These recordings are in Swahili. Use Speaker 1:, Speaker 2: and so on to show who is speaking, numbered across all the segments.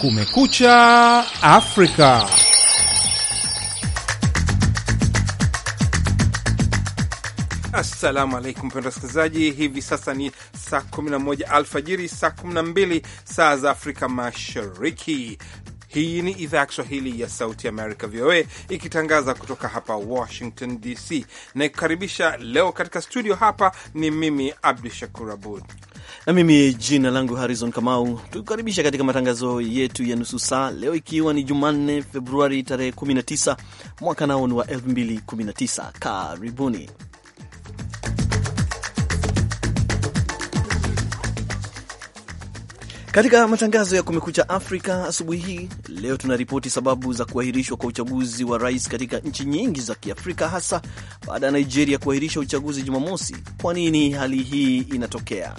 Speaker 1: Kumekucha Afrika. Assalamu alaikum, mpendwa wasikilizaji. Hivi sasa ni saa 11 alfajiri, saa 12 saa za Afrika Mashariki. Hii ni idhaa ya Kiswahili ya Sauti Amerika, VOA, ikitangaza kutoka hapa Washington DC Naikukaribisha leo katika studio. Hapa
Speaker 2: ni mimi Abdu Shakur Abud na mimi jina langu Harrison Kamau. Tukukaribisha katika matangazo yetu ya nusu saa leo, ikiwa ni Jumanne Februari tarehe 19 mwaka nao ni wa 2019. Karibuni katika matangazo ya Kumekucha Afrika asubuhi hii. Leo tunaripoti sababu za kuahirishwa kwa uchaguzi wa rais katika nchi nyingi za Kiafrika, hasa baada ya Nigeria kuahirisha uchaguzi Jumamosi. Kwa nini hali hii inatokea?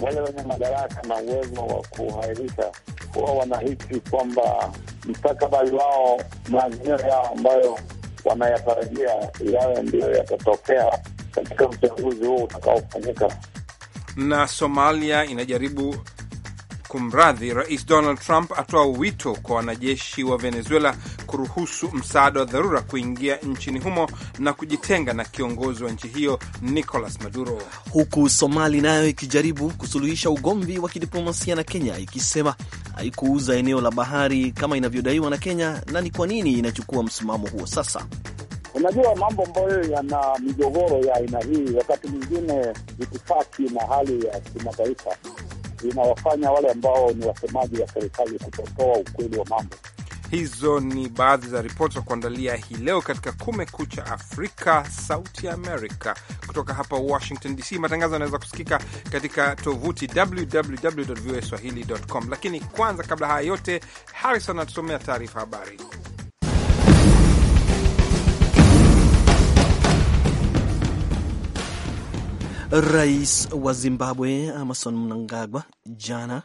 Speaker 3: wale wenye madaraka na uwezo wa kuhairisha huwa wanahisi kwamba mstakabali wao, maazimio yao ambayo wanayatarajia yawe ndiyo yatatokea katika uchaguzi huo utakaofanyika.
Speaker 1: Na Somalia inajaribu Kumradhi, Rais Donald Trump atoa wito kwa wanajeshi wa Venezuela kuruhusu msaada wa dharura kuingia nchini humo na kujitenga na kiongozi wa nchi hiyo Nicolas
Speaker 2: Maduro, huku Somali nayo ikijaribu kusuluhisha ugomvi wa kidiplomasia na Kenya ikisema haikuuza eneo la bahari kama inavyodaiwa na Kenya. Na ni kwa nini inachukua msimamo huo sasa?
Speaker 3: Unajua, mambo ambayo yana migogoro ya aina hii wakati mwingine itifaki na hali ya kimataifa inawafanya wale ambao ni wasemaji wa serikali kutotoa ukweli wa mambo.
Speaker 1: Hizo ni baadhi za ripoti za kuandalia hii leo katika Kumekucha Afrika, Sauti Amerika, kutoka hapa Washington DC. Matangazo yanaweza kusikika katika tovuti www voa swahili com, lakini kwanza, kabla haya yote, Harrison anatusomea taarifa habari.
Speaker 2: Rais wa Zimbabwe Emmerson Mnangagwa jana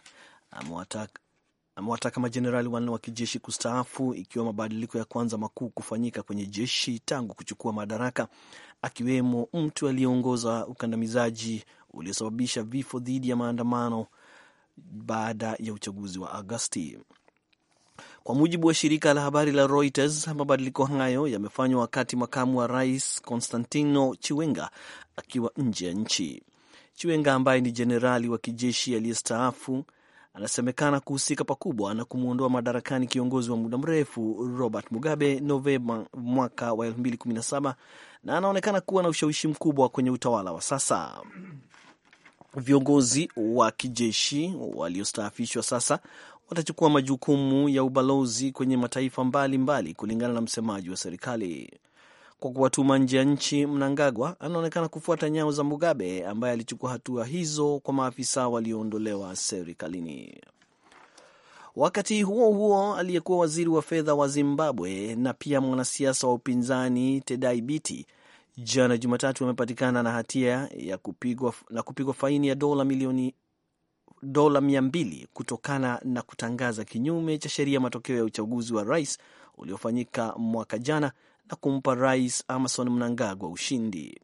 Speaker 2: amewataka majenerali wanne wa kijeshi kustaafu ikiwa mabadiliko ya kwanza makuu kufanyika kwenye jeshi tangu kuchukua madaraka, akiwemo mtu aliyeongoza ukandamizaji uliosababisha vifo dhidi ya maandamano baada ya uchaguzi wa Agosti. Kwa mujibu wa shirika la habari la Reuters, mabadiliko hayo yamefanywa wakati makamu wa rais Constantino Chiwenga akiwa nje ya nchi. Chiwenga ambaye ni jenerali wa kijeshi aliyestaafu anasemekana kuhusika pakubwa na kumwondoa madarakani kiongozi wa muda mrefu Robert Mugabe Novemba mwaka wa 2017 na anaonekana kuwa na ushawishi mkubwa kwenye utawala wa sasa. Viongozi wa kijeshi waliostaafishwa sasa watachukua majukumu ya ubalozi kwenye mataifa mbalimbali mbali, kulingana na msemaji wa serikali kwa kuwatuma nje ya nchi. Mnangagwa anaonekana kufuata nyao za Mugabe ambaye alichukua hatua hizo kwa maafisa walioondolewa serikalini. Wakati huo huo, aliyekuwa waziri wa fedha wa Zimbabwe na pia mwanasiasa wa upinzani Tedai Biti jana Jumatatu amepatikana na hatia ya kupigwa, na kupigwa faini ya dola milioni dola mia mbili kutokana na kutangaza kinyume cha sheria matokeo ya uchaguzi wa rais uliofanyika mwaka jana na kumpa Rais Emmerson Mnangagwa ushindi.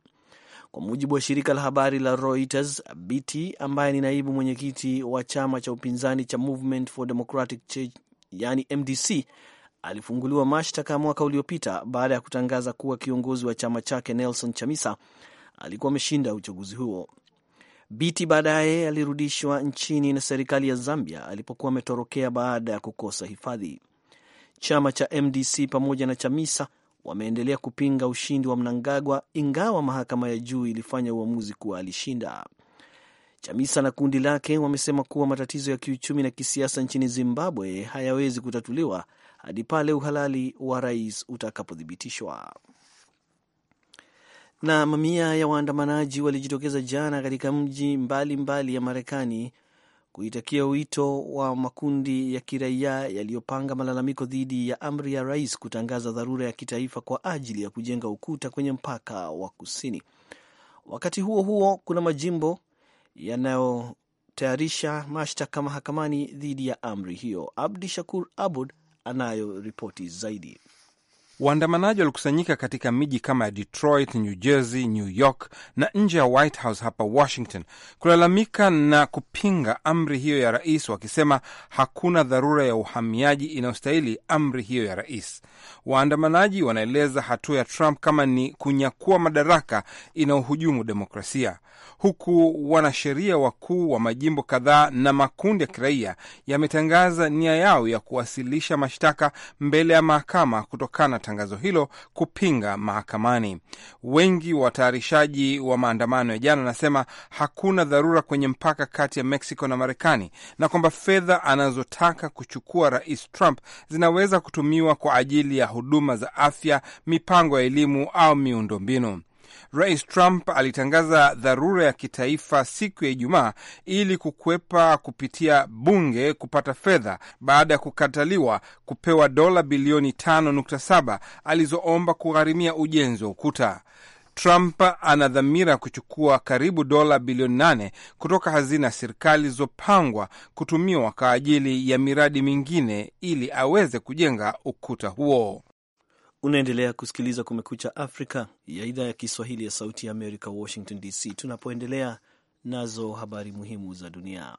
Speaker 2: Kwa mujibu wa shirika la habari la Reuters, Biti ambaye ni naibu mwenyekiti wa chama cha upinzani cha Movement for Democratic Change, yani MDC, alifunguliwa mashtaka mwaka uliopita baada ya kutangaza kuwa kiongozi wa chama chake Nelson Chamisa alikuwa ameshinda uchaguzi huo. Biti baadaye alirudishwa nchini na serikali ya Zambia alipokuwa ametorokea baada ya kukosa hifadhi. Chama cha MDC pamoja na Chamisa wameendelea kupinga ushindi wa Mnangagwa ingawa mahakama ya juu ilifanya uamuzi kuwa alishinda. Chamisa na kundi lake wamesema kuwa matatizo ya kiuchumi na kisiasa nchini Zimbabwe hayawezi kutatuliwa hadi pale uhalali wa rais utakapothibitishwa. Na mamia ya waandamanaji walijitokeza jana katika mji mbalimbali mbali ya Marekani kuitikia wito wa makundi ya kiraia yaliyopanga malalamiko dhidi ya amri ya rais kutangaza dharura ya kitaifa kwa ajili ya kujenga ukuta kwenye mpaka wa kusini. Wakati huo huo, kuna majimbo yanayotayarisha mashtaka mahakamani dhidi ya amri hiyo. Abdi Shakur Abud anayo ripoti zaidi.
Speaker 1: Waandamanaji walikusanyika katika miji kama ya Detroit, New Jersey, New York na nje ya White House hapa Washington kulalamika na kupinga amri hiyo ya rais, wakisema hakuna dharura ya uhamiaji inayostahili amri hiyo ya rais. Waandamanaji wanaeleza hatua ya Trump kama ni kunyakua madaraka inayohujumu demokrasia, huku wanasheria wakuu wa majimbo kadhaa na makundi ya kiraia yametangaza nia yao ya kuwasilisha mashtaka mbele ya mahakama kutokana tangazo hilo kupinga mahakamani. Wengi wa watayarishaji wa maandamano ya jana wanasema hakuna dharura kwenye mpaka kati ya Mexico na Marekani na kwamba fedha anazotaka kuchukua Rais Trump zinaweza kutumiwa kwa ajili ya huduma za afya, mipango ya elimu au miundombinu. Rais Trump alitangaza dharura ya kitaifa siku ya Ijumaa ili kukwepa kupitia bunge kupata fedha baada ya kukataliwa kupewa dola bilioni 5.7 alizoomba kugharimia ujenzi wa ukuta. Trump ana dhamira kuchukua karibu dola bilioni nane kutoka hazina ya serikali zilizopangwa kutumiwa kwa ajili
Speaker 2: ya miradi mingine ili aweze kujenga ukuta huo. Unaendelea kusikiliza Kumekucha Afrika ya idhaa ya Kiswahili ya Sauti ya Amerika, Washington DC, tunapoendelea nazo habari muhimu za dunia.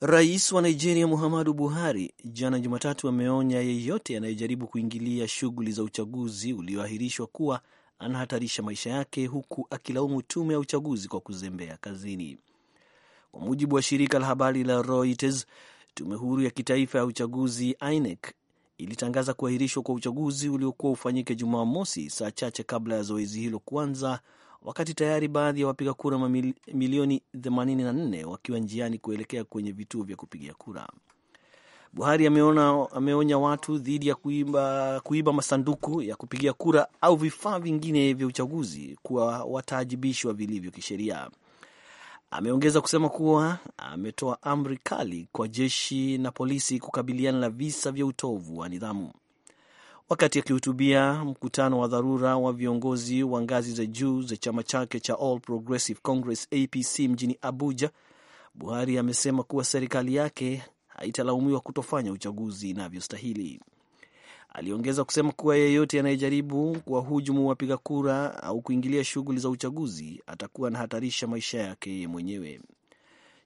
Speaker 2: Rais wa Nigeria Muhammadu Buhari jana Jumatatu ameonya yeyote anayejaribu kuingilia shughuli za uchaguzi ulioahirishwa kuwa anahatarisha maisha yake, huku akilaumu tume ya uchaguzi kwa kuzembea kazini. Kwa mujibu wa shirika la habari la Reuters, tume huru ya kitaifa ya uchaguzi INEC ilitangaza kuahirishwa kwa uchaguzi uliokuwa ufanyike Jumamosi, saa chache kabla ya zoezi hilo kuanza, wakati tayari baadhi ya wapiga kura milioni 84 wakiwa njiani kuelekea kwenye vituo vya kupigia kura. Buhari ameona, ameonya watu dhidi ya kuiba, kuiba masanduku ya kupigia kura au vifaa vingine vya uchaguzi kuwa wataajibishwa vilivyo kisheria. Ameongeza kusema kuwa ametoa amri kali kwa jeshi na polisi kukabiliana na visa vya utovu wa nidhamu. Wakati akihutubia mkutano wa dharura wa viongozi wa ngazi za juu za chama chake cha All Progressive Congress APC mjini Abuja, Buhari amesema kuwa serikali yake haitalaumiwa kutofanya uchaguzi inavyostahili. Aliongeza kusema kuwa yeyote anayejaribu kuwahujumu wapiga kura au kuingilia shughuli za uchaguzi atakuwa anahatarisha maisha yake mwenyewe.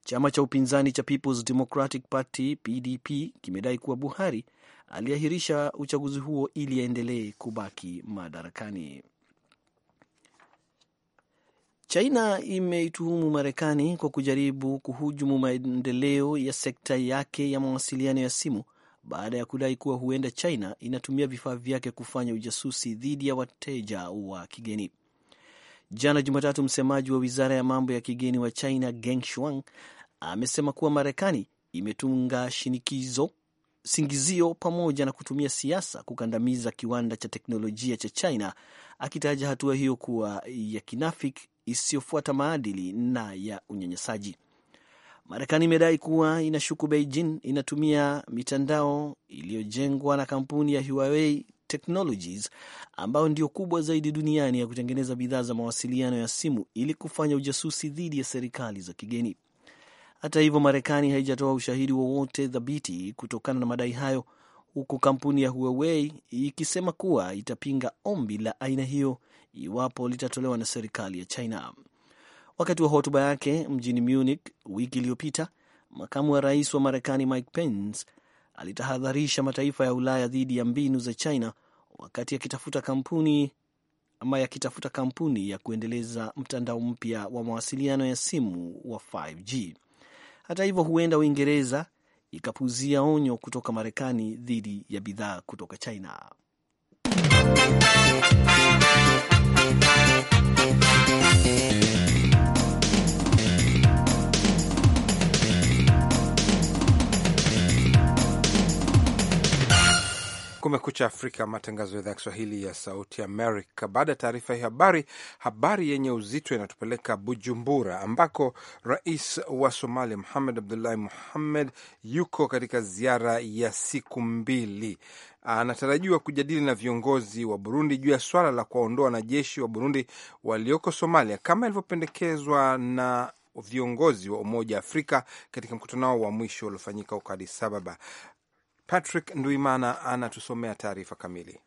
Speaker 2: Chama cha upinzani cha Peoples Democratic Party PDP kimedai kuwa Buhari aliahirisha uchaguzi huo ili aendelee kubaki madarakani. China imeituhumu Marekani kwa kujaribu kuhujumu maendeleo ya sekta yake ya mawasiliano ya simu baada ya kudai kuwa huenda China inatumia vifaa vyake kufanya ujasusi dhidi ya wateja wa kigeni. Jana Jumatatu, msemaji wa wizara ya mambo ya kigeni wa China Geng Shuang amesema kuwa Marekani imetunga shinikizo singizio pamoja na kutumia siasa kukandamiza kiwanda cha teknolojia cha China, akitaja hatua hiyo kuwa ya kinafiki, isiyofuata maadili na ya unyanyasaji. Marekani imedai kuwa inashuku Beijing inatumia mitandao iliyojengwa na kampuni ya Huawei Technologies ambayo ndio kubwa zaidi duniani ya kutengeneza bidhaa za mawasiliano ya simu ili kufanya ujasusi dhidi ya serikali za kigeni. Hata hivyo, Marekani haijatoa ushahidi wowote thabiti kutokana na madai hayo, huku kampuni ya Huawei ikisema kuwa itapinga ombi la aina hiyo iwapo litatolewa na serikali ya China. Wakati wa hotuba yake mjini Munich wiki iliyopita, makamu wa rais wa Marekani Mike Pence alitahadharisha mataifa ya Ulaya dhidi ya mbinu za China wakati akitafuta kampuni ama yakitafuta kampuni ya kuendeleza mtandao mpya wa mawasiliano ya simu wa 5G. Hata hivyo, huenda Uingereza ikapuzia onyo kutoka Marekani dhidi ya bidhaa kutoka China.
Speaker 1: Kumekucha Afrika, matangazo ya idhaa ya Kiswahili ya Sauti Amerika. Baada ya taarifa hii habari, habari yenye uzito inatupeleka Bujumbura, ambako rais wa Somalia Muhamed Abdullahi Muhammed yuko katika ziara ya siku mbili. Anatarajiwa kujadili na viongozi wa Burundi juu ya swala la kuwaondoa wanajeshi wa Burundi walioko Somalia kama ilivyopendekezwa na viongozi wa Umoja wa Afrika katika mkutano wao wa mwisho uliofanyika huko Addis Ababa. Patrick Nduimana anatusomea taarifa kamili.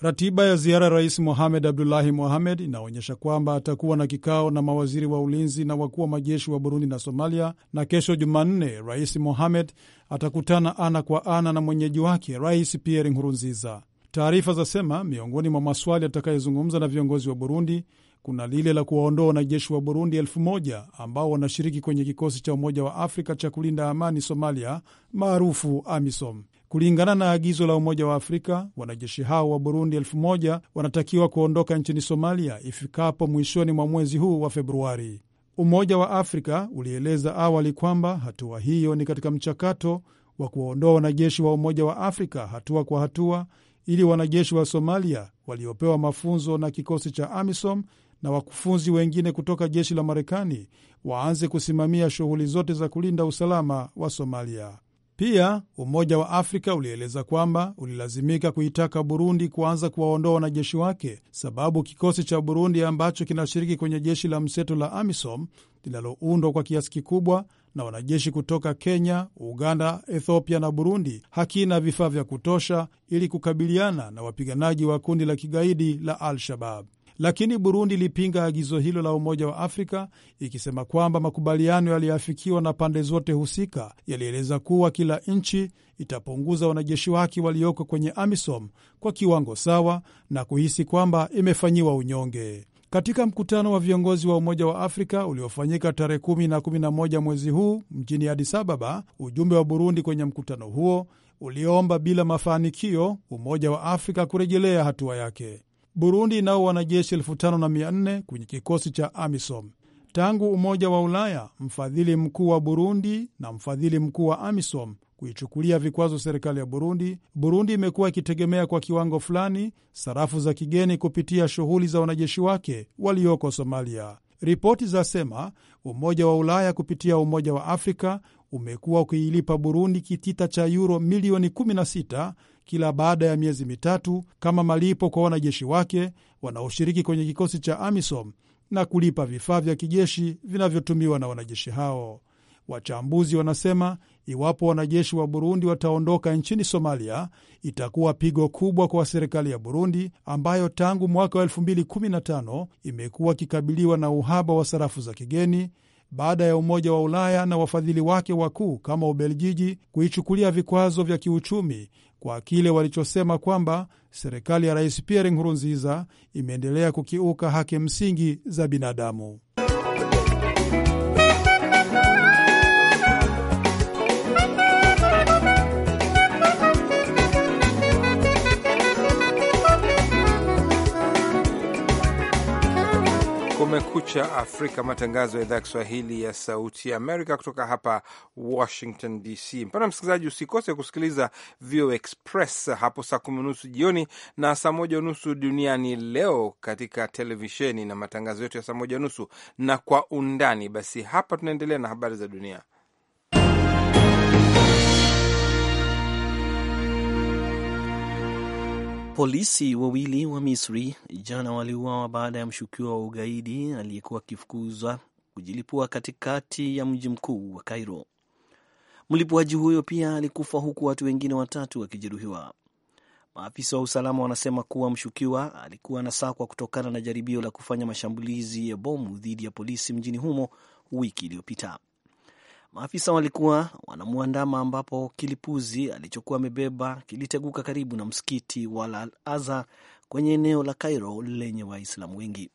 Speaker 4: Ratiba ya ziara ya Rais Mohamed Abdullahi Mohamed inaonyesha kwamba atakuwa na kikao na mawaziri wa ulinzi na wakuu wa majeshi wa Burundi na Somalia, na kesho Jumanne Rais Mohamed atakutana ana kwa ana na mwenyeji wake Rais Pierre Nkurunziza. Taarifa zasema miongoni mwa maswali atakayezungumza na viongozi wa Burundi kuna lile la kuwaondoa wanajeshi wa Burundi elfu moja ambao wanashiriki kwenye kikosi cha Umoja wa Afrika cha kulinda amani Somalia, maarufu AMISOM. Kulingana na agizo la Umoja wa Afrika, wanajeshi hao wa Burundi elfu moja wanatakiwa kuondoka nchini Somalia ifikapo mwishoni mwa mwezi huu wa Februari. Umoja wa Afrika ulieleza awali kwamba hatua hiyo ni katika mchakato wa kuwaondoa wanajeshi wa Umoja wa Afrika hatua kwa hatua, ili wanajeshi wa Somalia waliopewa mafunzo na kikosi cha AMISOM na wakufunzi wengine kutoka jeshi la Marekani waanze kusimamia shughuli zote za kulinda usalama wa Somalia. Pia Umoja wa Afrika ulieleza kwamba ulilazimika kuitaka Burundi kuanza kuwaondoa wanajeshi wake, sababu kikosi cha Burundi ambacho kinashiriki kwenye jeshi la mseto la AMISOM linaloundwa kwa kiasi kikubwa na wanajeshi kutoka Kenya, Uganda, Ethiopia na Burundi hakina vifaa vya kutosha ili kukabiliana na wapiganaji wa kundi la kigaidi la Al-Shabab lakini Burundi ilipinga agizo hilo la Umoja wa Afrika ikisema kwamba makubaliano yaliyoafikiwa na pande zote husika yalieleza kuwa kila nchi itapunguza wanajeshi wake walioko kwenye AMISOM kwa kiwango sawa na kuhisi kwamba imefanyiwa unyonge. Katika mkutano wa viongozi wa Umoja wa Afrika uliofanyika tarehe kumi na moja mwezi huu mjini Addis Ababa, ujumbe wa Burundi kwenye mkutano huo uliomba bila mafanikio Umoja wa Afrika kurejelea hatua yake. Burundi inao wanajeshi elfu tano na mia nne kwenye kikosi cha AMISOM. Tangu Umoja wa Ulaya, mfadhili mkuu wa Burundi na mfadhili mkuu wa AMISOM kuichukulia vikwazo serikali ya Burundi, Burundi imekuwa ikitegemea kwa kiwango fulani sarafu za kigeni kupitia shughuli za wanajeshi wake walioko Somalia. Ripoti zasema Umoja wa Ulaya kupitia Umoja wa Afrika umekuwa ukiilipa Burundi kitita cha yuro milioni 16 kila baada ya miezi mitatu kama malipo kwa wanajeshi wake wanaoshiriki kwenye kikosi cha AMISOM na kulipa vifaa vya kijeshi vinavyotumiwa na wanajeshi hao. Wachambuzi wanasema iwapo wanajeshi wa Burundi wataondoka nchini Somalia, itakuwa pigo kubwa kwa serikali ya Burundi ambayo tangu mwaka wa 2015 imekuwa ikikabiliwa na uhaba wa sarafu za kigeni baada ya Umoja wa Ulaya na wafadhili wake wakuu kama Ubelgiji kuichukulia vikwazo vya kiuchumi kwa kile walichosema kwamba serikali ya Rais Pierre Nkurunziza imeendelea kukiuka haki msingi za binadamu.
Speaker 1: Kumekucha Afrika, matangazo ya idhaa ya Kiswahili ya Sauti ya Amerika kutoka hapa Washington DC. Mpana msikilizaji, usikose kusikiliza VOA Express hapo saa kumi unusu jioni na saa moja unusu duniani leo katika televisheni na matangazo yetu ya saa moja unusu na kwa undani. Basi hapa tunaendelea na habari za dunia.
Speaker 2: Polisi wawili wa Misri jana waliuawa baada ya mshukiwa wa ugaidi aliyekuwa akifukuzwa kujilipua katikati ya mji mkuu wa Cairo. Mlipuaji huyo pia alikufa huku watu wengine watatu wakijeruhiwa. Maafisa wa usalama wanasema kuwa mshukiwa alikuwa anasakwa kutokana na jaribio la kufanya mashambulizi ya bomu dhidi ya polisi mjini humo wiki iliyopita. Maafisa walikuwa wanamwandama ambapo kilipuzi alichokuwa amebeba kiliteguka karibu na msikiti wa Al Azhar kwenye eneo la Cairo lenye Waislamu wengi.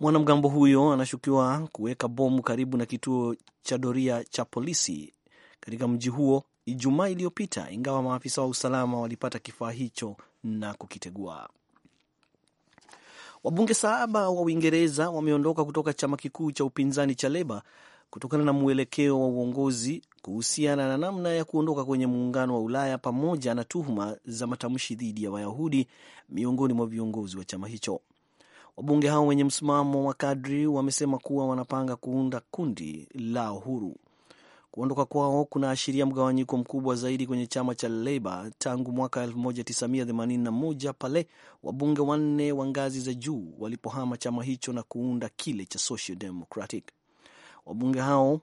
Speaker 2: Mwanamgambo huyo anashukiwa kuweka bomu karibu na kituo cha doria cha polisi katika mji huo Ijumaa iliyopita, ingawa maafisa wa usalama walipata kifaa hicho na kukitegua. Wabunge saba wa Uingereza wameondoka kutoka chama kikuu cha upinzani cha Leba kutokana na mwelekeo wa uongozi kuhusiana na namna ya kuondoka kwenye muungano wa Ulaya pamoja na tuhuma za matamshi dhidi ya Wayahudi miongoni mwa viongozi wa chama hicho. Wabunge hao wenye msimamo wa kadri wamesema kuwa wanapanga kuunda kundi la uhuru. Kuondoka kwao kunaashiria mgawanyiko mkubwa zaidi kwenye chama cha Labour tangu mwaka 1981 pale wabunge wanne wa ngazi za juu walipohama chama hicho na kuunda kile cha Social Democratic. Wabunge hao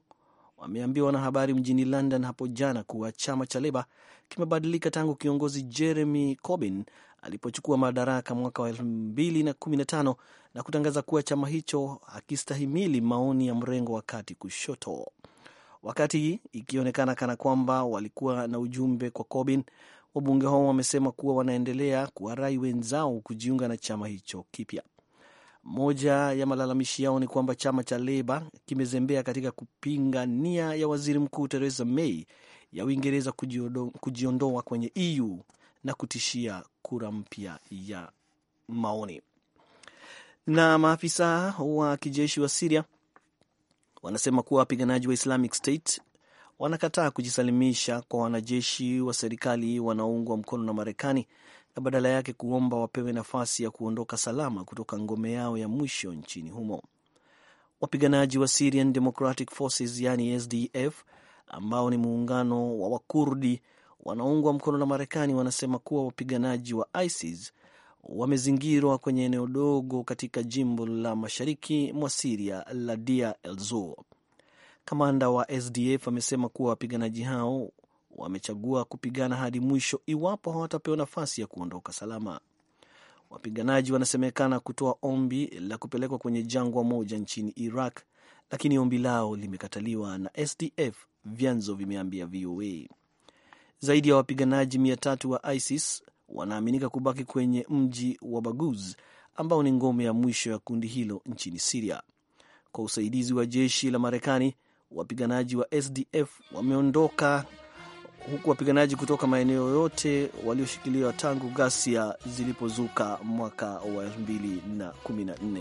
Speaker 2: wameambia wanahabari mjini London hapo jana kuwa chama cha Leba kimebadilika tangu kiongozi Jeremy Corbyn alipochukua madaraka mwaka wa 2015 na kutangaza kuwa chama hicho hakistahimili maoni ya mrengo wa kati kushoto, wakati ikionekana kana kwamba walikuwa na ujumbe kwa Corbyn. Wabunge hao wamesema kuwa wanaendelea kuwarai wenzao kujiunga na chama hicho kipya. Moja ya malalamishi yao ni kwamba chama cha Leba kimezembea katika kupinga nia ya waziri mkuu Theresa May ya Uingereza kujiondoa kwenye EU na kutishia kura mpya ya maoni. Na maafisa wa kijeshi wa Siria wanasema kuwa wapiganaji wa Islamic State wanakataa kujisalimisha kwa wanajeshi wa serikali wanaoungwa mkono na Marekani na badala yake kuomba wapewe nafasi ya kuondoka salama kutoka ngome yao ya mwisho nchini humo. Wapiganaji wa Syrian Democratic Forces yani SDF, ambao ni muungano wa Wakurdi wanaungwa mkono na Marekani, wanasema kuwa wapiganaji wa ISIS wamezingirwa kwenye eneo dogo katika jimbo la mashariki mwa Siria la Dia el Kamanda wa SDF amesema kuwa wapiganaji hao wamechagua kupigana hadi mwisho iwapo hawatapewa nafasi ya kuondoka salama. Wapiganaji wanasemekana kutoa ombi la kupelekwa kwenye jangwa moja nchini Iraq, lakini ombi lao limekataliwa na SDF, vyanzo vimeambia VOA. Zaidi ya wapiganaji mia tatu wa ISIS wanaaminika kubaki kwenye mji wa Baguz ambao ni ngome ya mwisho ya kundi hilo nchini Siria kwa usaidizi wa jeshi la Marekani. Wapiganaji wa SDF wameondoka huku wapiganaji kutoka maeneo yote walioshikiliwa tangu ghasia zilipozuka mwaka wa 2014.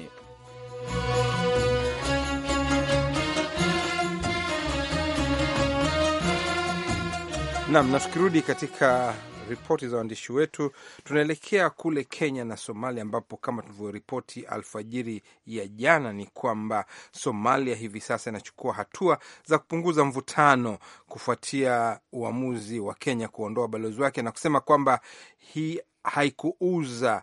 Speaker 1: nam na tukirudi katika ripoti za waandishi wetu, tunaelekea kule Kenya na Somalia, ambapo kama tulivyoripoti alfajiri ya jana ni kwamba Somalia hivi sasa inachukua hatua za kupunguza mvutano kufuatia uamuzi wa Kenya kuondoa balozi wake na kusema kwamba hii haikuuza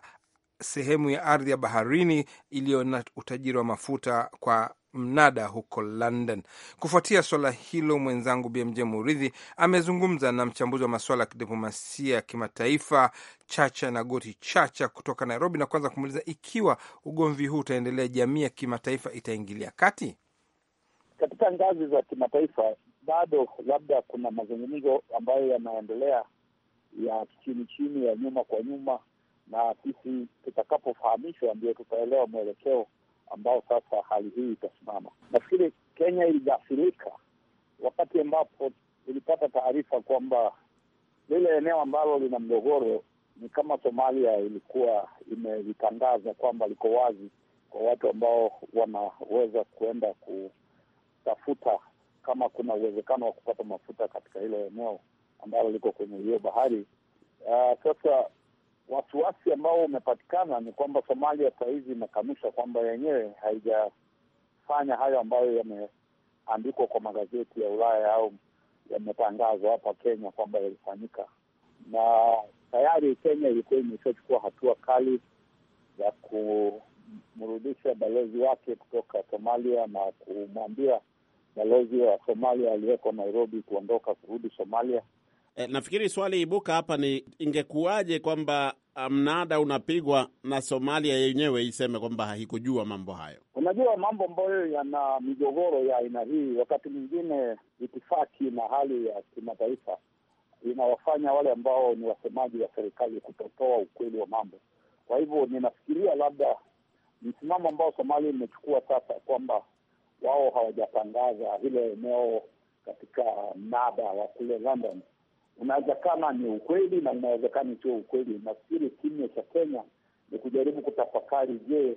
Speaker 1: sehemu ya ardhi ya baharini iliyo na utajiri wa mafuta kwa mnada huko London. Kufuatia swala hilo, mwenzangu BMJ Muridhi amezungumza na mchambuzi wa masuala ya kidiplomasia ya kimataifa Chacha na Goti Chacha kutoka Nairobi, na kwanza kumuuliza ikiwa ugomvi huu utaendelea, jamii ya kimataifa itaingilia kati
Speaker 3: katika ngazi za kimataifa. Bado labda kuna mazungumzo ambayo yanaendelea ya chini chini, ya nyuma kwa nyuma, na sisi tutakapofahamishwa ndio tutaelewa mwelekeo ambao sasa hali hii itasimama. Nafikiri Kenya iligafirika wakati ambapo ilipata taarifa kwamba lile eneo ambalo lina mgogoro ni kama Somalia ilikuwa imelitangaza kwamba liko wazi kwa watu ambao wanaweza kuenda kutafuta kama kuna uwezekano wa kupata mafuta katika hilo eneo ambalo liko kwenye hiyo bahari. Uh, sasa wasiwasi ambao umepatikana ni kwamba Somalia sahizi imekanusha kwamba yenyewe haijafanya hayo ambayo yameandikwa kwa magazeti ya Ulaya au yametangazwa hapa Kenya kwamba yalifanyika, na tayari Kenya ilikuwa imeshachukua hatua kali ya kumrudisha balozi wake kutoka Somalia na kumwambia balozi wa Somalia aliyeko Nairobi kuondoka kurudi Somalia.
Speaker 1: E, nafikiri swali ibuka hapa ni ingekuwaje kwamba Ah, mnada unapigwa na Somalia yenyewe iseme kwamba haikujua mambo hayo.
Speaker 3: Unajua, mambo ambayo yana migogoro ya aina hii, wakati mwingine itifaki na hali ya kimataifa inawafanya wale ambao ni wasemaji wa serikali kutotoa ukweli wa mambo. Kwa hivyo ninafikiria labda msimamo ambao Somalia imechukua sasa kwamba wao hawajatangaza hilo eneo katika mnada wa kule London unaweza kama ni ukweli na inawezekana kama sio ukweli. Nafikiri kimya cha Kenya ni kujaribu kutafakari, je,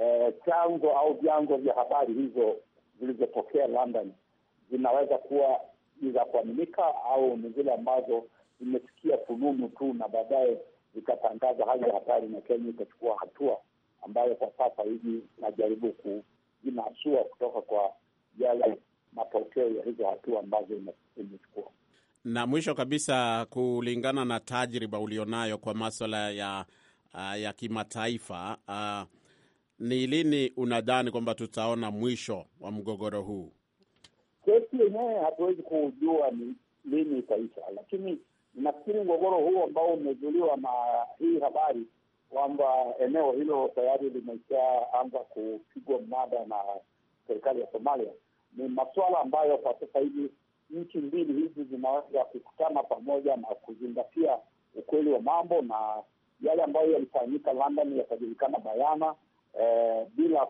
Speaker 3: eh, chanzo au vyanzo vya habari hizo zilizotokea London zinaweza kuwa ni za kuaminika au ni zile ambazo zimesikia fununu tu na baadaye zikatangaza hali ya hatari na Kenya ikachukua hatua ambayo kwa sasa hivi inajaribu kujinasua kutoka kwa yale matokeo ya hizo hatua ambazo imechukua.
Speaker 1: Na mwisho kabisa, kulingana na tajriba ulionayo kwa maswala ya, uh, ya kimataifa uh, ni lini unadhani kwamba tutaona mwisho wa mgogoro huu?
Speaker 3: Kesi yenyewe hatuwezi kujua ni lini itaisha, lakini nafikiri mgogoro huu ambao umezuliwa na hii habari kwamba eneo hilo tayari limeshaanza kupigwa mnada na serikali ya Somalia ni masuala ambayo kwa sasa hivi nchi mbili hizi zinaweza kukutana pamoja na kuzingatia ukweli wa mambo na yale ambayo yalifanyika London yakajulikana bayana eh, bila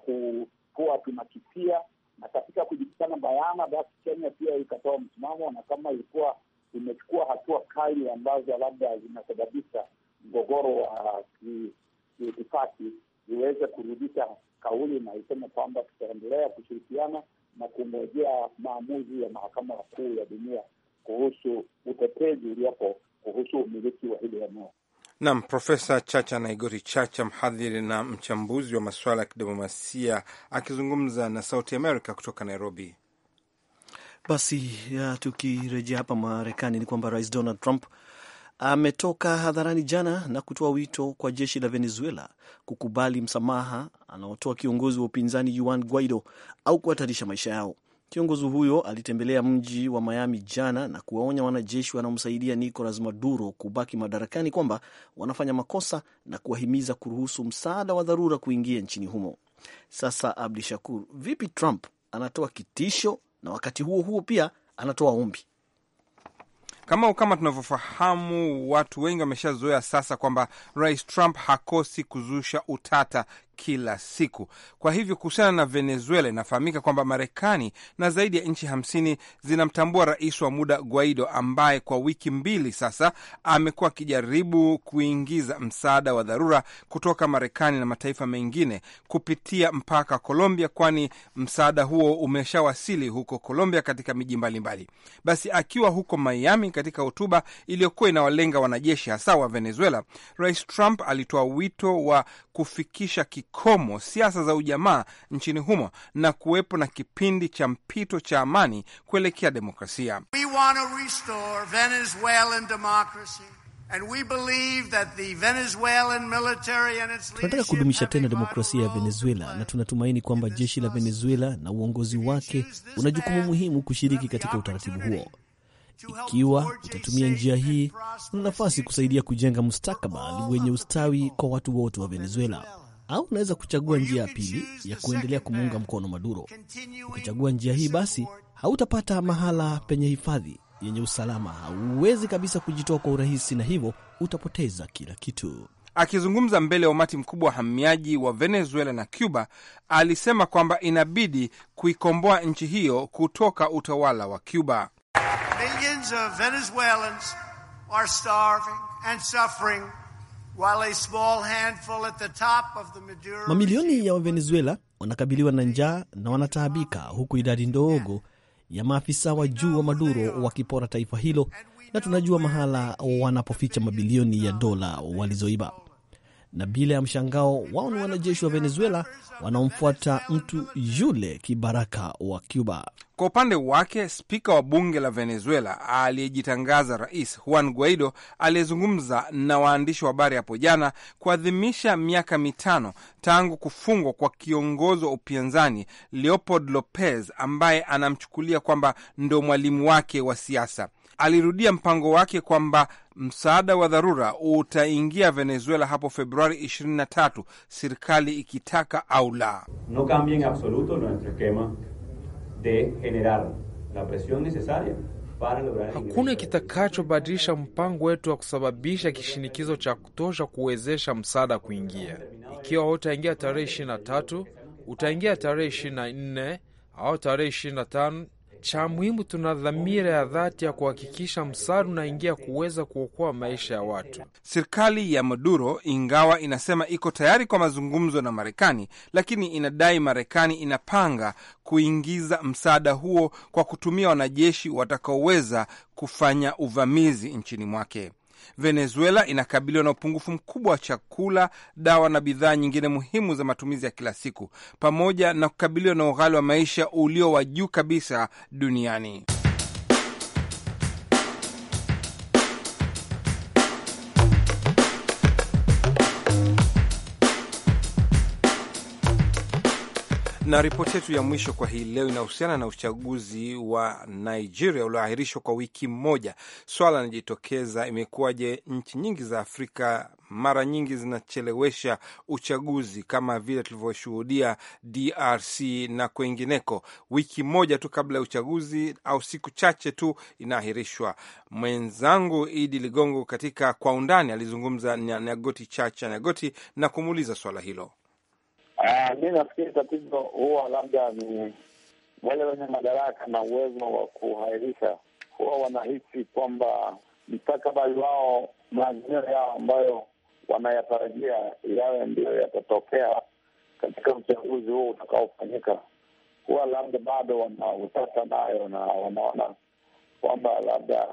Speaker 3: kuwa tunakisia. Na katika kujulikana bayana, basi Kenya pia ikatoa msimamo, na kama ilikuwa imechukua hatua kali ambazo labda zinasababisha mgogoro wa kiitifaki, iweze kurudisha kauli na iseme kwamba tutaendelea kushirikiana na kungojea maamuzi ya mahakama kuu ya dunia kuhusu utetezi uliopo kuhusu umiliki wa hili eneo.
Speaker 1: Naam, Profesa Chacha Naigori Chacha, mhadhiri na mchambuzi wa masuala ya kidiplomasia, akizungumza na Sauti Amerika kutoka Nairobi.
Speaker 2: Basi tukirejea hapa Marekani, ni kwamba Rais Donald Trump ametoka hadharani jana na kutoa wito kwa jeshi la Venezuela kukubali msamaha anaotoa kiongozi wa upinzani Juan Guaido au kuhatarisha maisha yao. Kiongozi huyo alitembelea mji wa Miami jana na kuwaonya wanajeshi wanaomsaidia Nicolas Maduro kubaki madarakani kwamba wanafanya makosa na kuwahimiza kuruhusu msaada wa dharura kuingia nchini humo. Sasa Abdi Shakur, vipi Trump anatoa kitisho na wakati huo huo pia anatoa ombi?
Speaker 1: Kama kama tunavyofahamu, watu wengi wameshazoea sasa kwamba Rais Trump hakosi kuzusha utata kila siku. Kwa hivyo kuhusiana na Venezuela, inafahamika kwamba Marekani na zaidi ya nchi hamsini zinamtambua rais wa muda Guaido, ambaye kwa wiki mbili sasa amekuwa akijaribu kuingiza msaada wa dharura kutoka Marekani na mataifa mengine kupitia mpaka Colombia, kwani msaada huo umeshawasili huko Colombia katika miji mbalimbali. Basi akiwa huko Miami, katika hotuba iliyokuwa inawalenga wanajeshi hasa wa Venezuela, Rais Trump alitoa wito wa kufikisha kikomo siasa za ujamaa nchini humo na kuwepo na kipindi cha mpito cha amani kuelekea demokrasia.
Speaker 3: We want to restore Venezuelan democracy.
Speaker 2: Tunataka kudumisha tena demokrasia ya Venezuela na tunatumaini kwamba jeshi la Venezuela na uongozi wake una jukumu muhimu kushiriki katika utaratibu huo. Ikiwa utatumia njia hii, una nafasi kusaidia kujenga mustakabali wenye ustawi kwa watu wote wa Venezuela au unaweza kuchagua njia ya pili ya kuendelea kumuunga mkono Maduro. Ukichagua njia hii, basi hautapata mahala penye hifadhi yenye usalama, hauwezi kabisa kujitoa kwa urahisi, na hivyo utapoteza kila kitu. Akizungumza
Speaker 1: mbele ya umati mkubwa wa wahamiaji wa Venezuela na Cuba, alisema kwamba inabidi kuikomboa nchi hiyo kutoka utawala wa Cuba.
Speaker 3: Millions of Venezuelans are starving and suffering
Speaker 2: Mamilioni ya Wavenezuela wanakabiliwa na njaa na wanataabika, huku idadi ndogo ya maafisa wa juu wa Maduro wakipora taifa hilo, na tunajua mahala wanapoficha mabilioni ya dola walizoiba. Na bila ya mshangao, wao ni wanajeshi wa Venezuela wanaomfuata mtu yule kibaraka wa Cuba.
Speaker 1: Kwa upande wake spika wa bunge la Venezuela aliyejitangaza rais Juan Guaido aliyezungumza na waandishi wa habari hapo jana kuadhimisha miaka mitano tangu kufungwa kwa kiongozi wa upinzani Leopold Lopez ambaye anamchukulia kwamba ndo mwalimu wake wa siasa. Alirudia mpango wake kwamba msaada wa dharura utaingia Venezuela hapo Februari 23 serikali ikitaka au la. No
Speaker 3: de generar la presión necesaria Hakuna
Speaker 1: kitakachobadilisha mpango wetu wa kusababisha kishinikizo cha kutosha kuwezesha msaada kuingia. Ikiwa utaingia tarehe 23, utaingia tarehe 24 au tarehe 25 cha muhimu, tuna dhamira ya dhati ya kuhakikisha msaada unaingia kuweza kuokoa maisha ya watu. Serikali ya Maduro ingawa inasema iko tayari kwa mazungumzo na Marekani, lakini inadai Marekani inapanga kuingiza msaada huo kwa kutumia wanajeshi watakaoweza kufanya uvamizi nchini mwake. Venezuela inakabiliwa na upungufu mkubwa wa chakula, dawa na bidhaa nyingine muhimu za matumizi ya kila siku, pamoja na kukabiliwa na ughali wa maisha ulio wa juu kabisa duniani. Na ripoti yetu ya mwisho kwa hii leo inahusiana na uchaguzi wa Nigeria ulioahirishwa kwa wiki moja. Swala linajitokeza, imekuwaje nchi nyingi za Afrika mara nyingi zinachelewesha uchaguzi kama vile tulivyoshuhudia DRC na kwengineko. Wiki moja tu kabla ya uchaguzi au siku chache tu inaahirishwa. Mwenzangu Idi Ligongo katika Kwa Undani alizungumza na Nyagoti Chacha Nyagoti na kumuuliza swala hilo.
Speaker 3: Ah, mi nafikiri tatizo huwa labda ni wale wenye madaraka na uwezo wa kuhairisha, huwa wanahisi kwamba mstakabali wao, maazimio yao ambayo wanayatarajia yawe ndiyo yatatokea katika uchaguzi huo utakaofanyika, huwa labda bado wanautata nayo na wanaona kwamba labda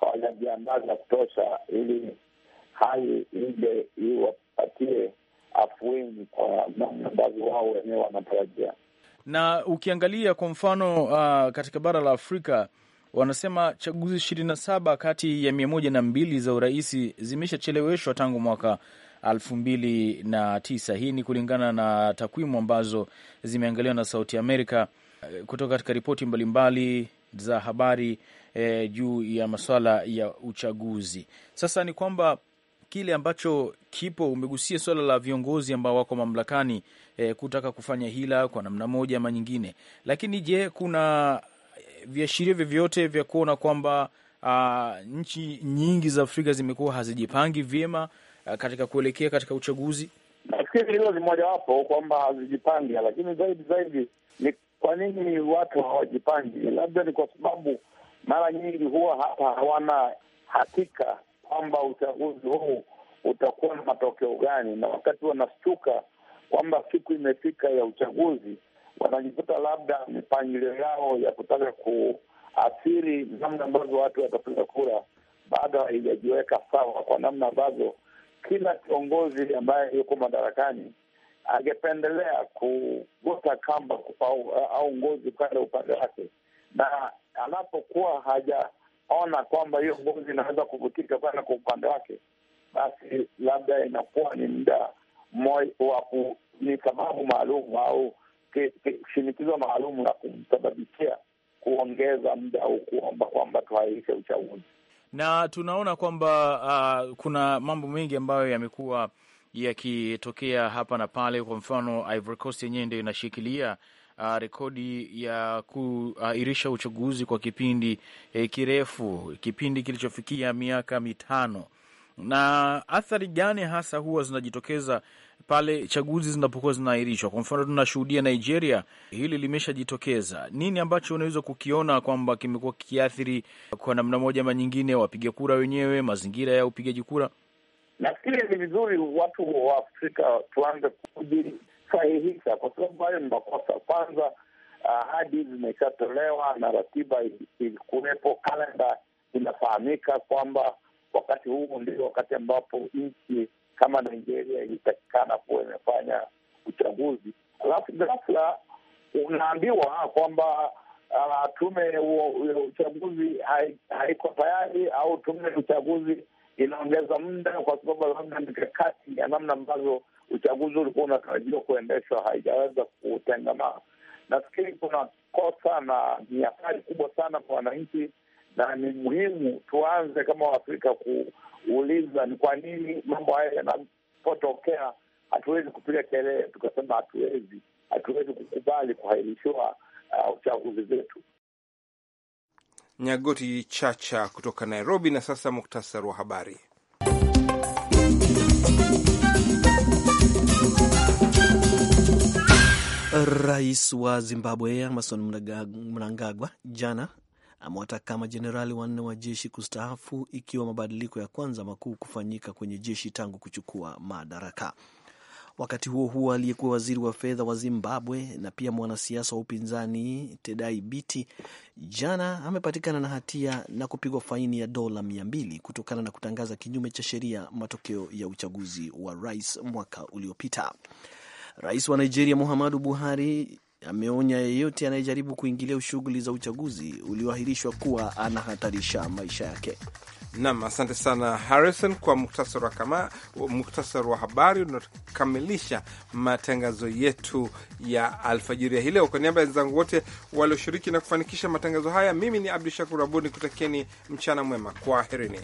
Speaker 3: hawajajiandaa za kutosha ili hali ije iwapatie afueni kwa namna ambavyo wao wenyewe wanatarajia.
Speaker 5: Na ukiangalia kwa mfano uh, katika bara la Afrika wanasema chaguzi ishirini na saba kati ya mia moja na mbili za urahisi zimeshacheleweshwa tangu mwaka elfu mbili na tisa. Hii ni kulingana na takwimu ambazo zimeangaliwa na Sauti Amerika eh, kutoka katika ripoti mbalimbali za habari eh, juu ya maswala ya uchaguzi. Sasa ni kwamba kile ambacho kipo, umegusia swala la viongozi ambao wako mamlakani e, kutaka kufanya hila kwa namna moja ama nyingine, lakini je, kuna eh, viashiria vyovyote vya kuona kwamba ah, nchi nyingi za Afrika zimekuwa hazijipangi vyema ah, katika kuelekea katika uchaguzi?
Speaker 3: Nafikiri hilo ni mojawapo kwamba hazijipangi, lakini zaidi zaidi ni kwa nini watu hawajipangi? Labda ni kwa sababu mara nyingi huwa hata hawana hakika kwamba uchaguzi huu utakuwa na matokeo gani, na wakati wanashtuka kwamba siku imefika ya uchaguzi, wanajikuta labda mipangilio yao ya kutaka kuathiri namna ambavyo watu watapiga kura bado haijajiweka sawa, kwa namna ambavyo kila kiongozi ambaye yuko madarakani angependelea kugota kamba au, au ngozi kwenda upande wake, na anapokuwa haja ona kwamba hiyo ngozi inaweza kuvutika sana kwa upande wake, basi labda inakuwa ni muda wa ni sababu maalum au shinikizo maalum la kumsababishia kuongeza muda au kuomba kwamba tuahirishe uchaguzi.
Speaker 5: Na tunaona kwamba uh, kuna mambo mengi ambayo yamekuwa yakitokea hapa na pale. Kwa mfano, Ivory Coast yenyewe ndio inashikilia uh, rekodi ya kuahirisha uchaguzi kwa kipindi eh, kirefu, kipindi kilichofikia miaka mitano. Na athari gani hasa huwa zinajitokeza pale chaguzi zinapokuwa zinaahirishwa? Kwa mfano tunashuhudia Nigeria, hili limeshajitokeza. Nini ambacho unaweza kukiona kwamba kimekuwa kikiathiri kwa namna moja ama nyingine wapiga kura wenyewe, mazingira ya upigaji kura?
Speaker 3: Nafikiri ni vizuri watu wa Afrika tuanze kusahihisha, kwa sababu hayo ni makosa. Kwanza ah, ahadi zimeshatolewa na ratiba ilikuwepo, kalenda inafahamika kwamba wakati huu ndio wakati ambapo nchi kama Nigeria ilitakikana kuwa imefanya uchaguzi, alafu ghafla unaambiwa kwamba uh, tume ya uchaguzi haiko tayari au tume ya uchaguzi inaongeza muda kwa sababu labda mikakati ya namna ambazo uchaguzi ulikuwa unatarajiwa kuendeshwa haijaweza kutengamaa. Nafikiri kuna kosa na ni hatari kubwa sana kwa wananchi, na ni muhimu tuanze kama Waafrika kuuliza ni kwa nini mambo haya yanapotokea. Hatuwezi kupiga kelele tukasema hatuwezi, hatuwezi kukubali kuhairishiwa uh, uchaguzi zetu.
Speaker 1: Nyagoti Chacha kutoka Nairobi. Na sasa muktasari wa habari
Speaker 2: Rais wa Zimbabwe amason Mnangagwa jana amewataka majenerali wanne wa jeshi kustaafu ikiwa mabadiliko ya kwanza makuu kufanyika kwenye jeshi tangu kuchukua madaraka. Wakati huo huo, aliyekuwa waziri wa fedha wa Zimbabwe na pia mwanasiasa wa upinzani Tedai Biti jana amepatikana na hatia na kupigwa faini ya dola mia mbili kutokana na kutangaza kinyume cha sheria matokeo ya uchaguzi wa rais mwaka uliopita. Rais wa Nigeria Muhammadu Buhari ameonya yeyote anayejaribu kuingilia shughuli za uchaguzi ulioahirishwa kuwa anahatarisha maisha yake. Nam, asante
Speaker 1: sana Harrison kwa muktasari wa habari unakamilisha matangazo yetu ya alfajiri ya hii leo. Kwa niaba ya wenzangu wote walioshiriki na kufanikisha matangazo haya, mimi ni Abdu Shakur Abud nikutakieni mchana mwema, kwaherini.